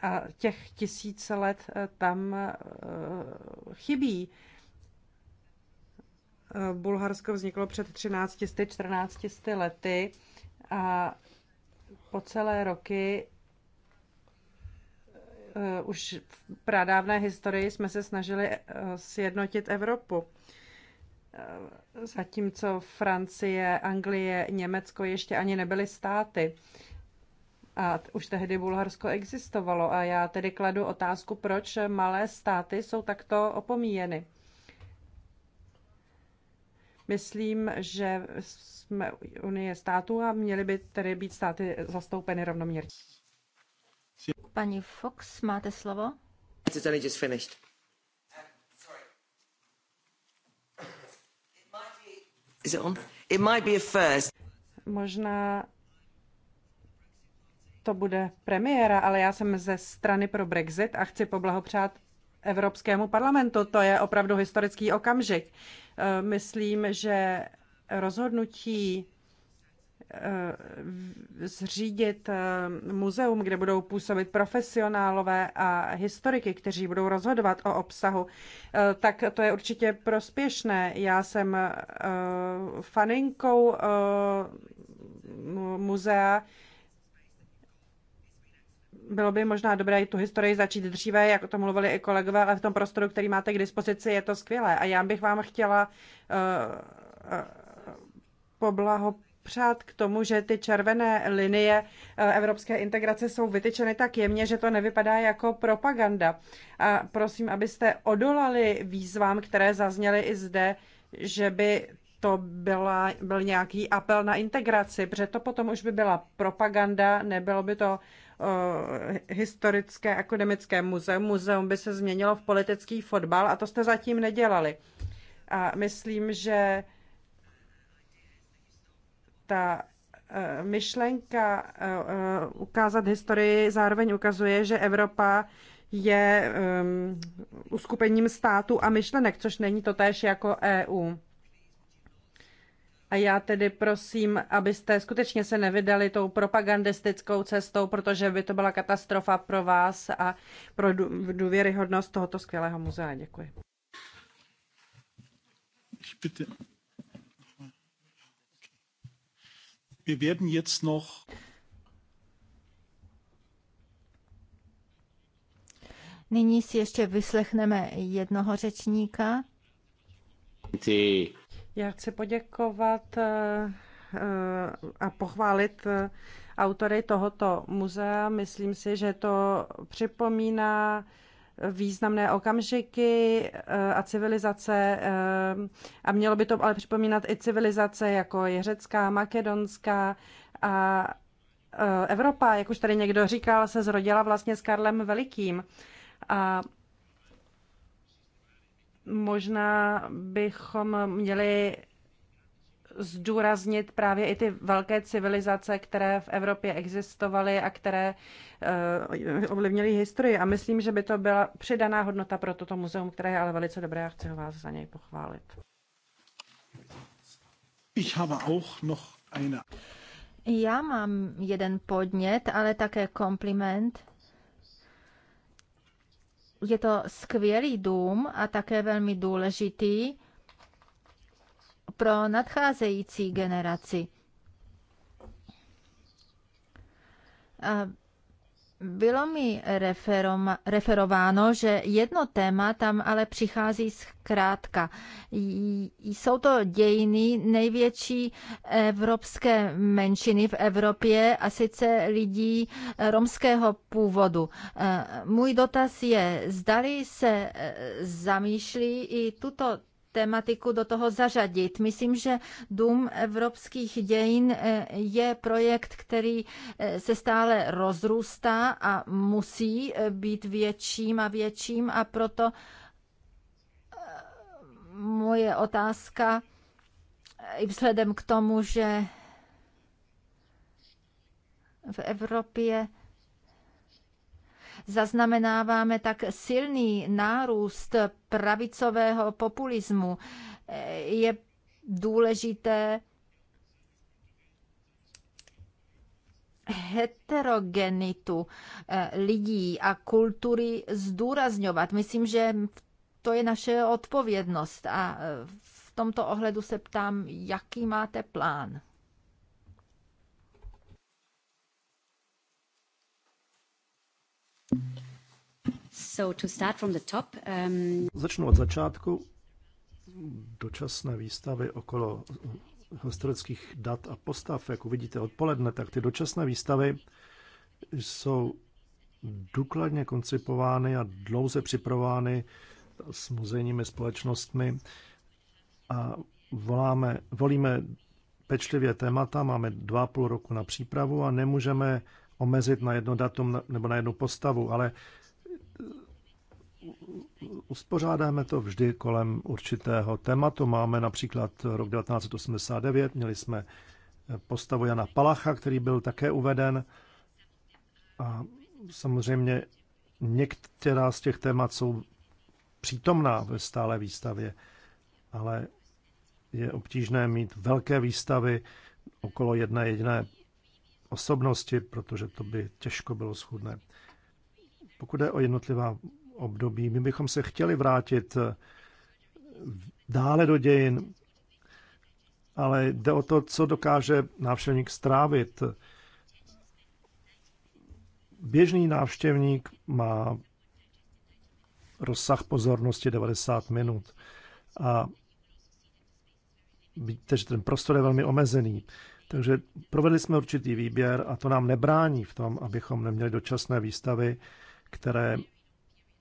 a těch tisíc let eh, tam eh, chybí. Eh, Bulharsko vzniklo před 13, 14 lety a po celé roky už v pradávné historii jsme se snažili sjednotit Evropu. Eh, zatímco Francie, Anglie, Německo ještě ani nebyly státy. A už tehdy Bulharsko existovalo a já tedy kladu otázku, proč malé státy jsou takto opomíjeny. Myslím, že jsme Unie států a měly by tedy být státy zastoupeny rovnoměrně. Paní Fox, máte slovo? just finished. Možná to bude premiéra, ale já jsem ze strany pro Brexit a chci poblahopřát Evropskému parlamentu. To je opravdu historický okamžik. E, myslím, že rozhodnutí Eh, zřídit eh, muzeum, kde budou působit profesionálové a historiky, kteří budou rozhodovat o obsahu, eh, tak to je určitě prospěšné. Já jsem faninkou muzea. Bylo by možná dobré tu historii začít dříve, jak o tom mluvili i kolegové, ale v tom prostoru, který máte k dispozici, je to skvělé. A já bych vám chtěla uh, poblaho přát k tomu, že ty červené linie eh, evropské integrace jsou vytyčeny tak jemně, že to nevypadá jako propaganda. A prosím, abyste odolali výzvám, které zazněly i zde, že by to byla, byl nějaký apel na integraci, protože to potom už by byla propaganda, nebylo by to uh, historické akademické muzeum. Muzeum by se změnilo v politický fotbal a to jste zatím nedělali. A myslím, že ta eh, myšlenka eh, eh, ukázat historii zároveň ukazuje, že Evropa je um, uskupením států a myšlenek, což není to též jako EU. A já tedy prosím, abyste skutečně se nevydali tou propagandistickou cestou, protože by to byla katastrofa pro vás a pro důvěryhodnost tohoto skvělého muzea. Děkuji. Bitte. Wir werden jetzt noch Nyní si ještě vyslechneme jednoho řečníka. Ty. Já chci poděkovat eh, eh, a pochválit eh, autory tohoto muzea. Myslím si, že to připomíná významné okamžiky eh, a civilizace eh, a mělo by to ale připomínat i civilizace jako je řecká, makedonská a eh, Evropa, jak už tady někdo říkal, se zrodila vlastně s Karlem Velikým. A možná bychom měli zdůraznit právě i ty velké civilizace, které v Evropě existovaly a které uh, ovlivnily historii. A myslím, že by to byla přidaná hodnota pro toto muzeum, které je ale velice dobré a chci ho vás za něj pochválit. Ich habe auch noch eine. Já mám jeden podnět, ale také kompliment je to skvělý dům a také velmi důležitý pro nadcházející generaci. A bylo mi referováno, že jedno téma tam ale přichází zkrátka. Jsou to dějiny největší evropské menšiny v Evropě a sice lidí romského původu. Můj dotaz je, zdali se e, zamýšlí i tuto tematiku do toho zařadit. Myslím, že Dům evropských dějin eh, je projekt, který eh, se stále rozrůstá a musí eh, být větším a větším a proto moje otázka i vzhledem k tomu, že v Evropě Zaznamenáváme tak silný nárůst pravicového populismu. Je důležité heterogenitu eh, lidí a kultury zdůrazňovat. Myslím, že to je naše odpovědnost a eh, v tomto ohledu se ptám, jaký máte plán. Um, Začnu od začátku dočasné výstavy okolo historických dat a postav, jak uvidíte odpoledne, tak ty dočasné výstavy jsou důkladně koncipovány a dlouze připravovány s muzejními společnostmi a voláme, volíme pečlivě témata, máme dva půl roku na přípravu a nemůžeme omezit na jedno datum nebo na jednu postavu, ale uspořádáme to vždy kolem určitého tématu. Máme například rok 1989, měli jsme postavu Jana Palacha, který byl také uveden. A samozřejmě některá z těch témat jsou přítomná ve stále výstavě, ale je obtížné mít velké výstavy okolo jedné jediné osobnosti, protože to by těžko bylo schudné. Pokud je o jednotlivá období, my bychom se chtěli vrátit eh, dále do dějin, ale jde o to, co dokáže návštěvník strávit. Běžný návštěvník má rozsah pozornosti 90 minut a víte, že ten prostor je velmi omezený. Takže provedli jsme určitý výběr a to nám nebrání v tom, abychom neměli dočasné výstavy, které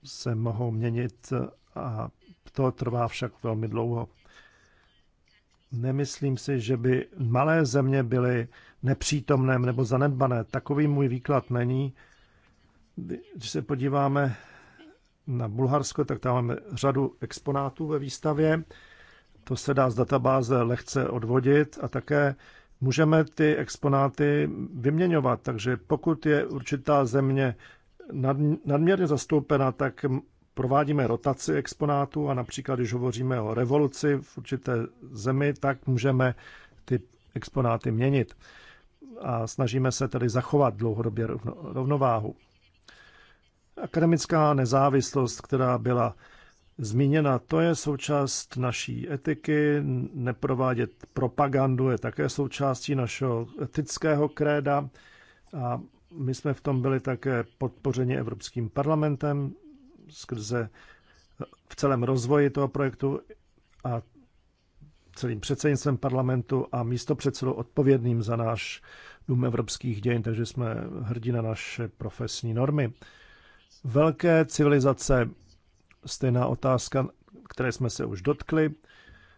se mohou měnit a to trvá však velmi dlouho. Nemyslím si, že by malé země byly nepřítomné nebo zanedbané. Takový můj výklad není. Když se podíváme na Bulharsko, tak tam máme řadu exponátů ve výstavě. To se dá z databáze lehce odvodit a také můžeme ty exponáty vyměňovat. Takže pokud je určitá země nadměrně zastoupena, tak provádíme rotaci exponátů a například, když hovoříme o revoluci v určité zemi, tak můžeme ty exponáty měnit. A snažíme se tedy zachovat dlouhodobě rovnováhu. Akademická nezávislost, která byla zmíněna, to je součást naší etiky. Neprovádět propagandu je také součástí našeho etického kréda. A my jsme v tom byli také podpořeni Evropským parlamentem skrze eh, v celém rozvoji toho projektu a celým předsednictvem parlamentu a místo předsedu odpovědným za náš Dům evropských dějin, takže jsme hrdí na naše profesní normy. Velké civilizace, stejná otázka, které jsme se už dotkli,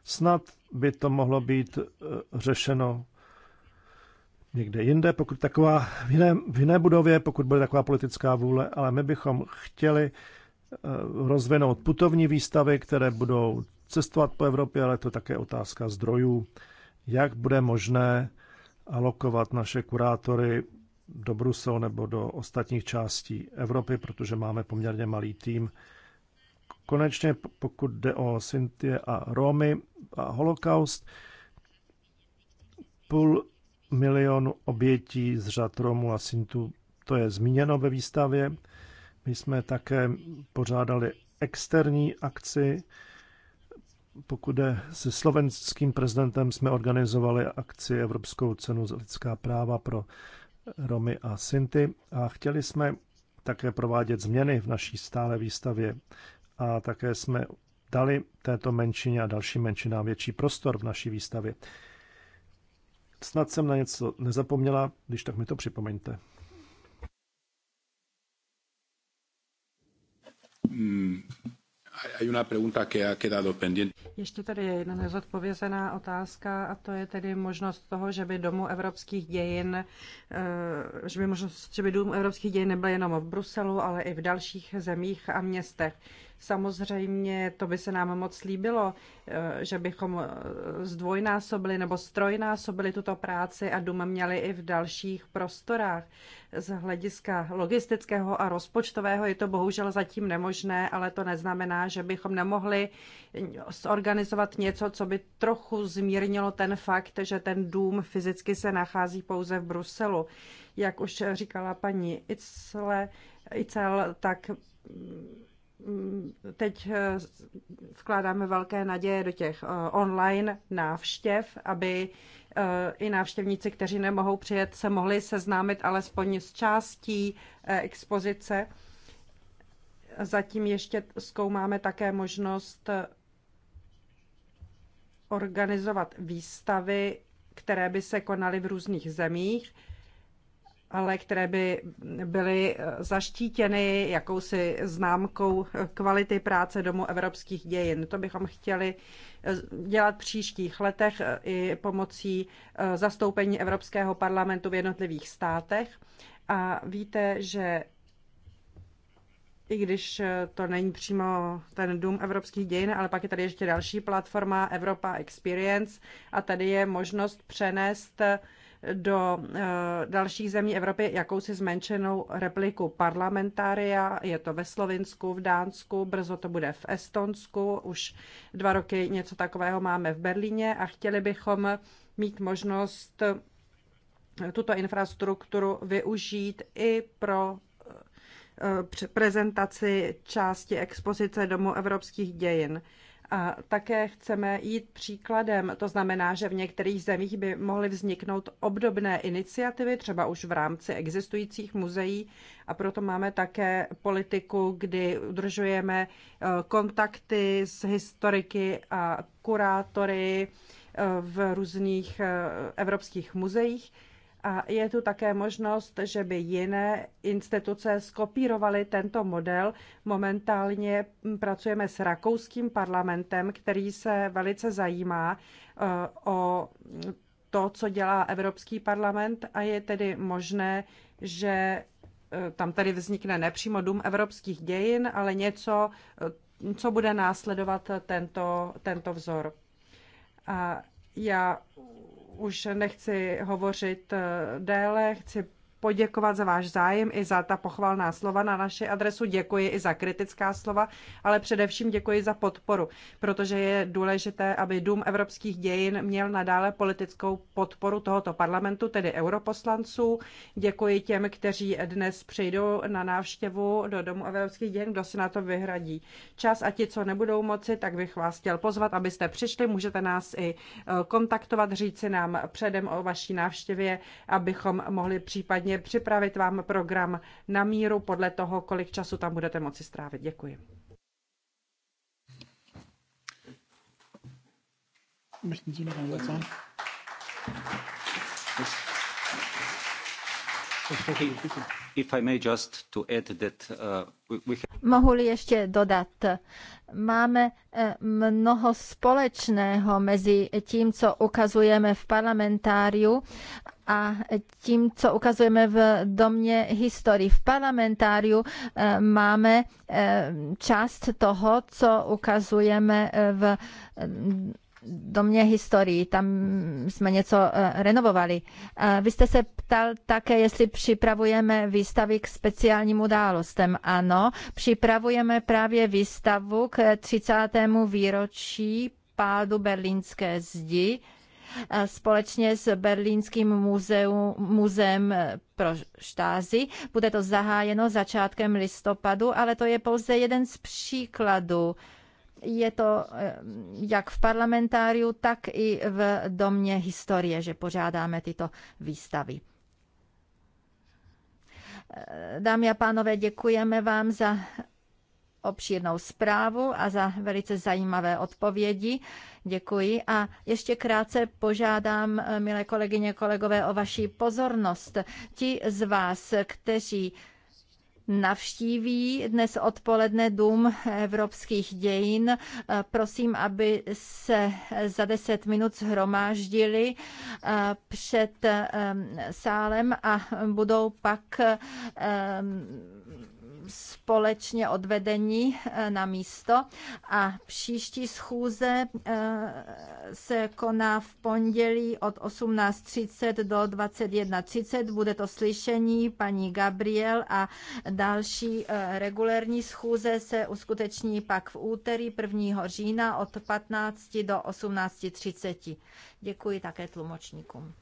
snad by to mohlo být eh, řešeno někde jinde, pokud taková v jiné, v jiné budově, pokud bude taková politická vůle, ale my bychom chtěli eh, rozvinout putovní výstavy, které budou cestovat po Evropě, ale to je také otázka zdrojů, jak bude možné alokovat naše kurátory do Bruselu nebo do ostatních částí Evropy, protože máme poměrně malý tým. Konečně, pokud jde o Sintie a Romy a holokaust, půl milion obětí z řad Romů a Sintů. To je zmíněno ve výstavě. My jsme také pořádali externí akci. Pokud je se slovenským prezidentem, jsme organizovali akci Evropskou cenu za lidská práva pro Romy a Sinty a chtěli jsme také provádět změny v naší stále výstavě a také jsme dali této menšině a dalším menšinám větší prostor v naší výstavě. Snad jsem na něco nezapomněla, když tak mi to připomeňte. Mm, Ještě tady je jedna nezodpovězená otázka a to je tedy možnost toho, že by domu evropských dějin, eh, že by, možnost, že by dům evropských dějin nebyl jenom v Bruselu, ale i v dalších zemích a městech. Samozřejmě to by se nám moc líbilo, eh, že bychom eh, zdvojnásobili nebo strojnásobili tuto práci a dům měli i v dalších prostorách. Z hlediska logistického a rozpočtového je to bohužel zatím nemožné, ale to neznamená, že bychom nemohli zorganizovat něco, co by trochu zmírnilo ten fakt, že ten dům fyzicky se nachází pouze v Bruselu. Jak už říkala paní Icle, Icel, tak Mm, teď eh, vkládáme velké naděje do těch eh, online návštěv, aby eh, i návštěvníci, kteří nemohou přijet, se mohli seznámit alespoň s částí expozice. Zatím ještě zkoumáme také možnost organizovat výstavy, které by se konaly v různých zemích ale které by byly eh, zaštítěny jakousi známkou eh, kvality práce Domu evropských dějin. To bychom chtěli eh, dělat v příštích letech i pomocí zastoupení Evropského parlamentu v jednotlivých státech. A víte, že i když to není přímo ten Dům evropských dějin, ale pak je tady ještě další platforma Evropa Experience a tady je možnost přenést uh, do eh, dalších zemí Evropy jakousi zmenšenou repliku parlamentária. Je to ve Slovinsku, v Dánsku, brzo to bude v Estonsku. Už dva roky něco takového máme v Berlíně a chtěli bychom mít možnost eh, tuto infrastrukturu využít i pro eh, prezentaci části expozice Domu evropských dějin. A také chceme jít příkladem. To znamená, že v některých zemích by mohly vzniknout obdobné iniciativy, třeba už v rámci existujících muzeí. A proto máme také politiku, kdy udržujeme eh, kontakty s historiky a kurátory eh, v různých eh, evropských muzeích. A je tu také možnost, že by jiné instituce skopírovaly tento model. Momentálně mm, pracujeme s rakouským parlamentem, který se velice zajímá eh, o to, co dělá Evropský parlament a je tedy možné, že eh, tam tedy vznikne nepřímo dům evropských dějin, ale něco, eh, co bude následovat tento, tento vzor. A já už nechci hovořit eh, déle, chci poděkovat za váš zájem i za ta pochvalná slova na naši adresu. Děkuji i za kritická slova, ale především děkuji za podporu, protože je důležité, aby Dům evropských dějin měl nadále politickou podporu tohoto parlamentu, tedy europoslanců. Děkuji těm, kteří dnes přijdou na návštěvu do Domu evropských dějin, kdo si na to vyhradí čas a ti, co nebudou moci, tak bych vás chtěl pozvat, abyste přišli. Můžete nás i eh, kontaktovat, říci nám předem o vaší návštěvě, abychom mohli případně samozřejmě připravit vám program na míru podle toho, kolik času tam budete moci strávit. Děkuji. Thank you. Mohu-li ještě dodat, máme eh, mnoho společného mezi tím, co ukazujeme v parlamentáriu a tím, co ukazujeme v domě historii. V parlamentáriu eh, máme eh, část toho, co ukazujeme v do mě historii, tam jsme něco eh, renovovali. Vy jste se ptal také, jestli připravujeme výstavy k speciálním událostem. Ano, připravujeme právě výstavu k 30. výročí pádu berlínské zdi eh, společně s Berlínským muzeum, muzeem eh, pro štázy. Bude to zahájeno začátkem listopadu, ale to je pouze jeden z příkladů je to eh, jak v parlamentáriu, tak i v domě historie, že pořádáme tyto výstavy. Eh, dámy a pánové, děkujeme vám za obšírnou zprávu a za velice zajímavé odpovědi. Děkuji a ještě krátce požádám, eh, milé kolegyně, kolegové, o vaši pozornost. Ti z vás, kteří navštíví dnes odpoledne Dům evropských dějin. Prosím, aby se za deset minut zhromáždili eh, před eh, sálem a budou pak eh, společně odvedení eh, na místo a příští schůze eh, se koná v pondělí od 18.30 do 21.30. Bude to slyšení paní Gabriel a další eh, regulární schůze se uskuteční pak v úterý 1. října od 15 do 18.30. Děkuji také tlumočníkům.